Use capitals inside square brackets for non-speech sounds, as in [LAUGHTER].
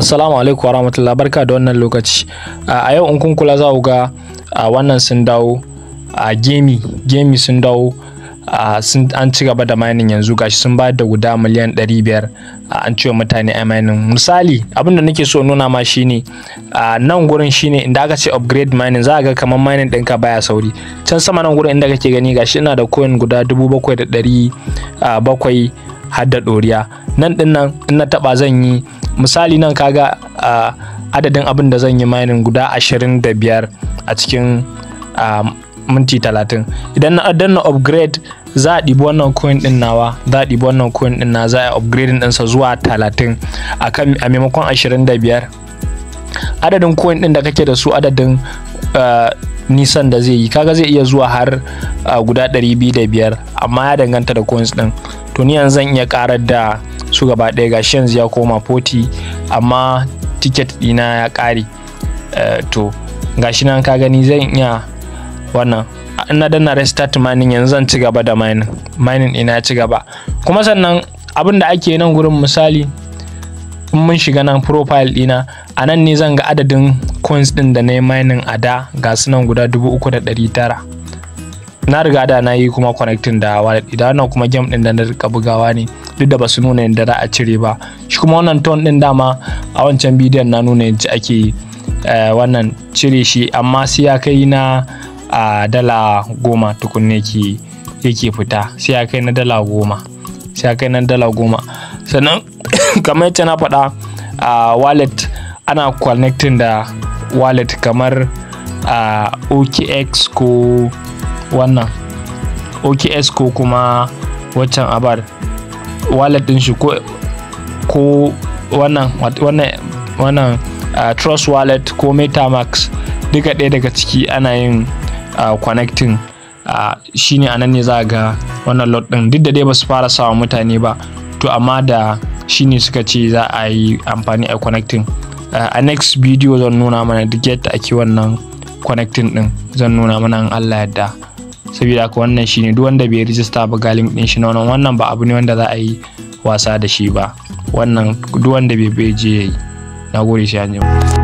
assalamu alaikum wa barka da wannan lokaci a yau in kun kula za ku ga wannan sun dawo a gemi gemi sun dawo an ci gaba da mainin yanzu gashi sun ba da guda miliyan 500 an ciwo mutane a mining misali abin da nake so nuna ma shine nan gurin shine inda aka ce upgrade mining za a ga kamar mining ɗinka baya sauri can sama nan gurin inda kake gani gashi ina da coin guda 7700 har da ɗoriya nan ɗin nan in na taɓa zan yi misali nan kaga uh, adadin abin da zan yi mining guda 25 a cikin uh, minti 30 idan na na upgrade za a ɗibi wannan coin ɗin nawa za a ɗibi wannan coin ɗin na za a upgrading ɗinsa zuwa 30 a maimakon 25 adadin coin ɗin da kake da su adadin nisan da zai yi kaga zai iya zuwa har uh, guda 205 amma ya danganta da coins din to ni yanzu zan iya karar da su gaba ɗaya gashi yanzu ya koma 40 amma tiket ɗina ya ƙare eh, to gashi nan ka gani zan iya wannan ina danna restart mining yanzu zan ci gaba da mining mining ina ya ci gaba kuma sannan abin da ake nan gurin misali in mun shiga nan profile ɗina a nan ne zan ga adadin coins ɗin da na yi mining a da ga su nan guda 3,900 na riga da na yi kuma connecting da wallet idan wannan kuma game din da na rika bugawa ne duk da ba su nuna yadda za a cire ba shi kuma wannan ton din dama a wancan bidiyon na nuna yadda ake eh, wannan cire shi amma sai ya kai na dala goma tukunne ki yake fita sai ya kai na dala goma sai ya kai na dala goma sannan [COUGHS] kamar yadda na faɗa a wallet ana connecting da wallet kamar a okx ko wannan okx ko kuma waccan abar wallet din shi ko ko wannan wannan wannan ah, trust wallet ko metamax duka ɗaya daga ciki ana yin uh, connecting uh, shine a nan ne za ga wannan lot din duk da dai ba su fara sawa mutane ba to amma da shine suka ce za a yi amfani a connecting uh, a next video zan nuna mana duk yadda ake wannan connecting din zan nuna mana in Allah yadda saboda aka wannan shine duk wanda bai rijista ba galin din shi nan wannan ba abu ne wanda za a yi wasa da shi ba wannan duk wanda bai je yayi nagode shi anjima